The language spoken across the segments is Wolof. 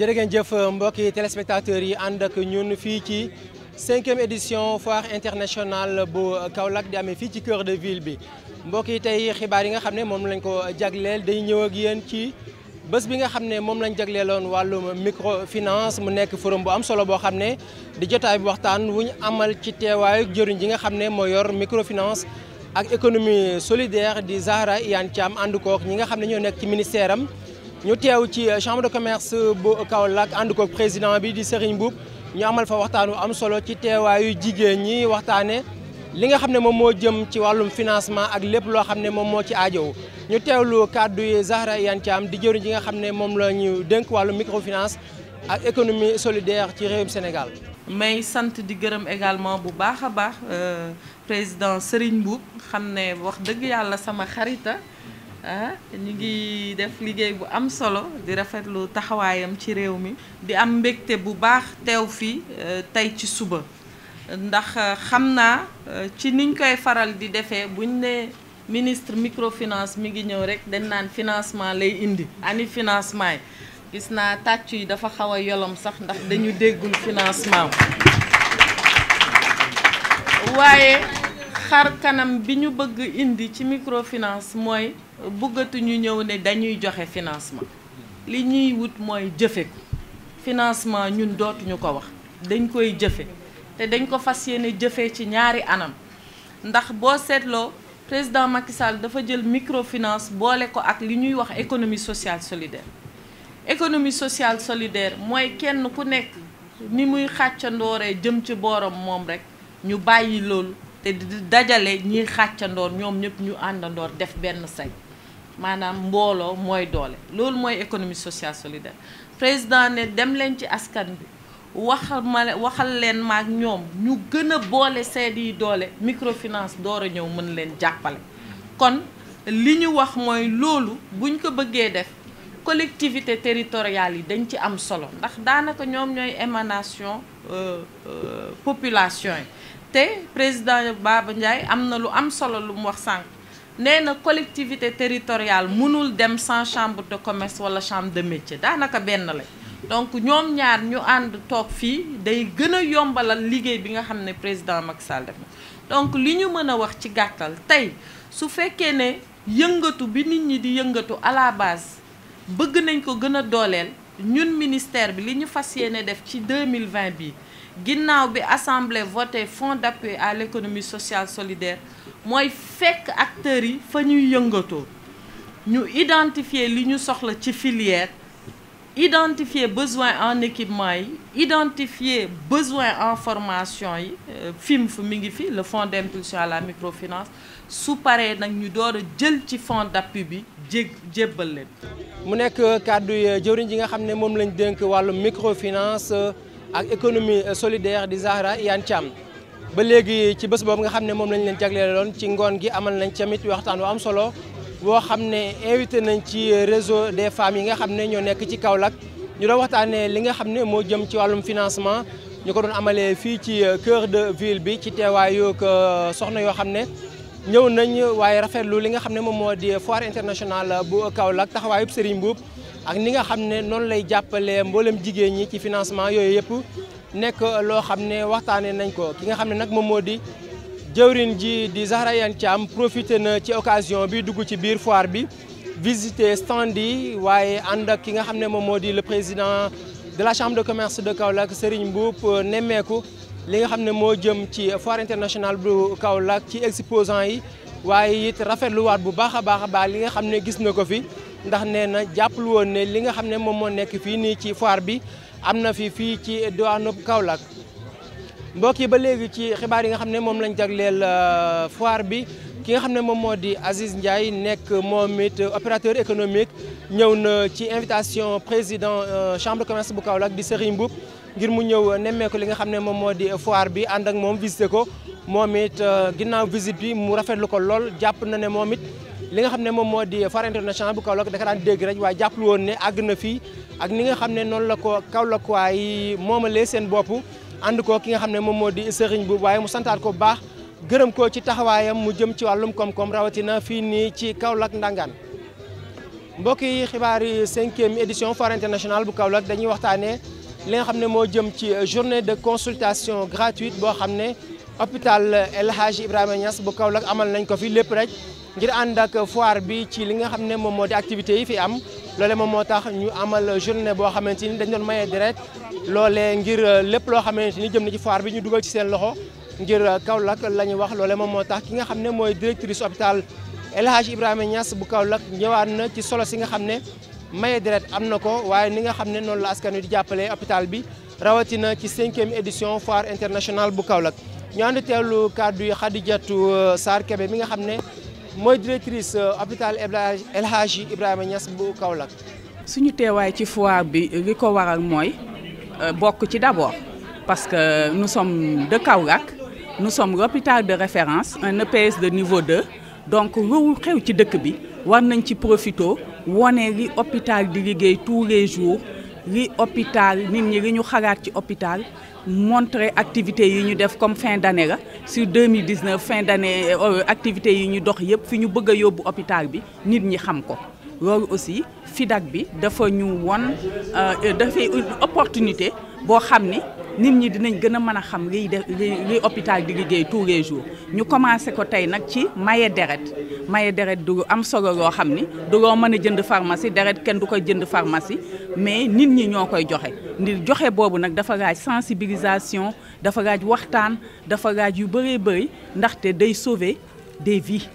jërë ngeen jëf mbokki téléspectateurs yi ànd ak ñun fii ci cinquième édition foire internationale bu Kaolack di amee fii ci cœur de ville bi mbokki tey xibaar yi nga xam ne moom lañ ko jagleel day ñëw ak yéen ci bés bi nga xam ne moom lañ jagleeloon wàllum microfinance mu nekk forum bu am solo boo xam ne di jotaay bu waxtaan wu ñu amal ci teewaayu jëriñ ji nga xam ne moo yor microfinance ak économie solidaire di Zahra Iyane Thiam ànd kook ñi nga xam ne ñoo nekk ci ministère am ñu teew ci euh, chambre de commerce bu Kaolack ànd ko président bi di Serigne Mboup ñu amal fa waxtaan wu am solo ci teewaayu jigéen ñi waxtaane li nga xam ne moom moo jëm ci wàllum financement ak lépp loo xam ne moom moo ci aajow ñu teewlu kàddu yi Zahra Iyane Thiam di jëriñ ji nga xam ne moom la ñu dénk wàllum microfinance ak économie solidaire ci réewum Sénégal. may sant di gërëm également bu baax a baax euh, président Serigne Mboup xam ne wax dëgg yàlla sama xarita ah ñu ngi def liggéey bu am solo di rafetlu taxawaayam ci réew mi di am mbégte bu baax teew fii eh, tey ci suba ndax eh, xam naa eh, ci niñ koy faral di defee buñ ne ministre microfinance mi ngi ñëw rek dañ naan financement lay indi ani financement yi gis naa tàcc yi dafa xaw a yolom sax ndax dañu déggul financement waaye xar kanam bi ñu bëgg indi ci microfinance mooy bëggatuñu ñëw ne dañuy joxe financement li ñuy wut mooy jëfe ko financement ñun dootuñu ko wax dañ koy jëfe te dañ ko fas yéene jëfee ci ñaari anam ndax boo seetloo président Macky Sall dafa jël microfinance boole ko ak li ñuy wax économie sociale solidaire économie social solidaire mooy kenn ku nekk ni muy xàccandooree jëm ci borom moom rek ñu bàyyi loolu te dajale ñiy xàccandoor ñoom ñëpp ñu àndandoor def benn say maanaam mbooloo mooy doole loolu mooy économie sociale solidaire président ne dem leen ci askan bi wax waxal leen maag ñoom ñu gën a boole seeni yi doole microfinance door a ñëw mën leen jàppale kon li ñu wax mooy loolu buñ ko bëggee def collectivité territoriale yi dañ ci am solo ndax daanaka ñoom ñooy émanation euh, euh, population yi te président Baba Ndiaye am na lu am solo lu mu wax sànq nee na collectivité territoriale munul dem sans chambre de commerce wala chambre de métier daanaka benn la donc ñoom ñaar ñu ànd toog fii day gën a yombalal liggéey bi nga xam ne président Macky Sall def na donc li ñu mën a wax ci gàttal tey su fekkee ne yëngatu bi nit ñi di yëngatu à bëgg nañ ko gën a dooleel ñun ministère bi li ñu fas yéene def ci 2020 bi ginnaaw bi assemblée voté fonds d'appui à l'économie sociale solidaire mooy fekk acteurs yi fa ñuy yëngatoo ñu identifier li ñu soxla ci filière identifier besoin en équipement yi identifier besoin en formation yi euh, FIMF mi ngi fi le fonds d'impulsion à la microfinance su paree nag ñu door a jël ci fonds d'appui bi jég jébbal leen. mu nekk kàddu euh, jëwriñ ji nga xam ne moom lañ dénk wàllu microfinance euh, ak économie solidaire di Zahra Iyane Thiam ba léegi ci bés boobu nga xam ne moom lañ leen jagleeloon ci ngoon gi amal nañ tamit waxtaan wu am solo. boo xam ne invité nañ ci réseau des femmes yi nga xam ne ñoo nekk ci Kaolack ñu doon waxtaanee li nga xam ne moo jëm ci wàllum financement ñu ko doon amale fii ci euh, cœur de ville bi ci teewaayu euh, soxna yoo xam ne ñëw nañ waaye rafetlu li nga xam ne moom moo di foire internationale bu Kaolack taxawaayub Serigne Mboup ak ni nga xam ne noonu lay jàppale mboolem jigéen ñi ci financement yooyu yëpp nekk loo xam ne waxtaanee nañ ko ki nga xam ne nag moom moo di. jëwrin ji di Zahra Iyane Thiam profité na ci occasion bi dugg ci biir foire bi visité stand yi waaye ànd ak ki nga xam ne moom moo di le président de la chambre de commerce de Kaolack Serigne Mboup nemmeeku li nga xam ne moo jëm ci foire internationale bu Kaolack ci exposant yi waaye it rafetluwaat bu baax a baax a baax li nga xam ne gis na ko fi ndax nee na jàppul woon ne li nga xam ne moom moo nekk fii nii ci foire bi am na fi fii ci diwaanu Kaolack mbokk yi ba léegi ci xibaar yi nga xam ne moom lañ jagleel euh, foire bi ki nga xam ne moom moo di Aziz Ndiaye nekk moom it opérateur économique ñëw na ci invitation président euh, chambre de commerce bu Kaolack di Serigne Mboup ngir mu ñëw nemmeeku li nga xam ne moom moo di foire bi ànd ak moom visité ko moom it euh, ginnaaw visite bi mu rafetlu ko lool jàpp na ne moom it li nga xam ne moom moo di foire internationale bu Kaolack daka daan dégg rek waaye jàppul woon ne àgg na fii ak ni nga xam ne noonu la ko Kaolackois yi moomalee seen bopp ànd ko ki nga xam ne moom moo di sëriñ bu waaye mu santaat ko bu baax gërëm ko ci taxawaayam mu jëm ci wàllum koom-koom rawatina fii nii ci Kaolack Ndangaan mbokk yi xibaar yi cinquième édition foire internationale bu Kaolack dañuy waxtaanee li nga xam ne moo jëm ci journée de consultation gratuite boo xam ne hôpital El Hadj Ibrahima bu Kaolack amal nañ ko fi lépp rek ngir ànd ak foire bi ci li nga xam ne moom moo di activités yi fi am. loole moom moo tax ñu amal journée boo xamante ni dañ doon maye deret loolee ngir euh, lépp loo xamante ni jëm na ci foire bi ñu dugal ci seen loxo ngir euh, Kaolack la ñuy wax loole moom moo tax ki nga xam ne mooy directrice hôpital El Hadj Ibrahima Niass bu Kaolack ñëwaat na ci solo si nga xam ne maye deret am na ko waaye ni nga xam ne noonu la askan wi di jàppale hôpital bi rawatina ci cinquième édition foire internationale bu Kaolack ñu ànd teelu kàddu yi Khadijatou euh, Sarr nga xam ne mooy directrice euh, hôpital El Hadji Ibrahima Niass bu Kaolack. suñu teewaay ci foire bi li ko waral mooy euh, bokk ci d'abord parce que nous sommes de Kaolack nu som l'hôpital de référence un EPS de niveau de donc lu xew ci dëkk bi war nañ ci profito wone li hôpital di liggéey tous les jours. li hôpital nit ñi li ñu xalaat ci hôpital montrer activité yi ñu def comme fin d'année la sur 2019 fin d'année euh, activité yi ñu dox yëpp fi ñu bëgg yóbbu hôpital bi nit ñi xam ko loolu aussi FIDAK bi dafa ñu won euh, dafay une opportunité boo xam ni nit ñi dinañ gën a mën a xam liy def liy hôpital di liggéey tous les jours ñu commencé ko tey nag ci maye deret maye deret du am solo loo xam ni du loo mën a jënd pharmacie deret kenn du koy jënd pharmacie mais nit ñi ñoo koy joxe ndi joxe boobu nag dafa laaj sensibilisation dafa laaj waxtaan dafa laaj yu bëree bëri ndaxte day sauver des vies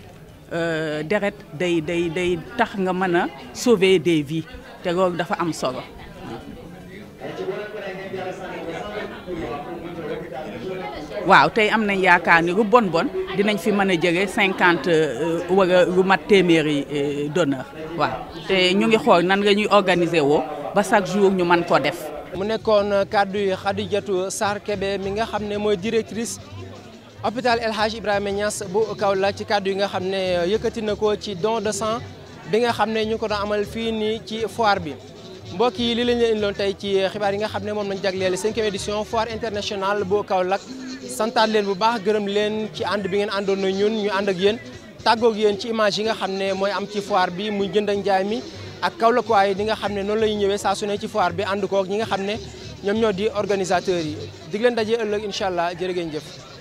euh, deret day day day tax nga mën a sauver des vie te loolu dafa am solo waaw tey am nañ yaakaar ni lu bon bon dinañ fi mën a jële cinquante euh, wala lu mat téeméeri euh, donneur waaw te ñu ngi xool nan la ñuy organiser woo ba chaque jour ñu man ko def. mu nekkoon kàddu yi Khadijatou Sarr Kébé mi nga xam ne mooy directrice hôpital El Hadj Ibrahima Niass bu Kaolack ci kàddu yi nga xam ne euh, yëkkati na ko ci don de sang bi nga xam ne ñu ko doon amal fii nii ci foire bi. mbokk yi li leen leen indiloon tey ci xibaar yi nga xam ne moom nañ jagleel cinquième édition foire internationale bu Kaolack santaat leen bu baax gërëm leen ci ànd bi ngeen àndoon na ñun ñu ànd ak yéen tàggoog yéen ci image yi nga xam ne mooy am ci foire bi mu jënd ak njaay mi ak Kaolack waay di nga xam ne noonu lañu ñëwee saa su ne ci foire bi ànd koog ñi nga xam ne ñoom ñoo di organisateurs yi dig leen daje ëllëg incha allah jërë geen jëf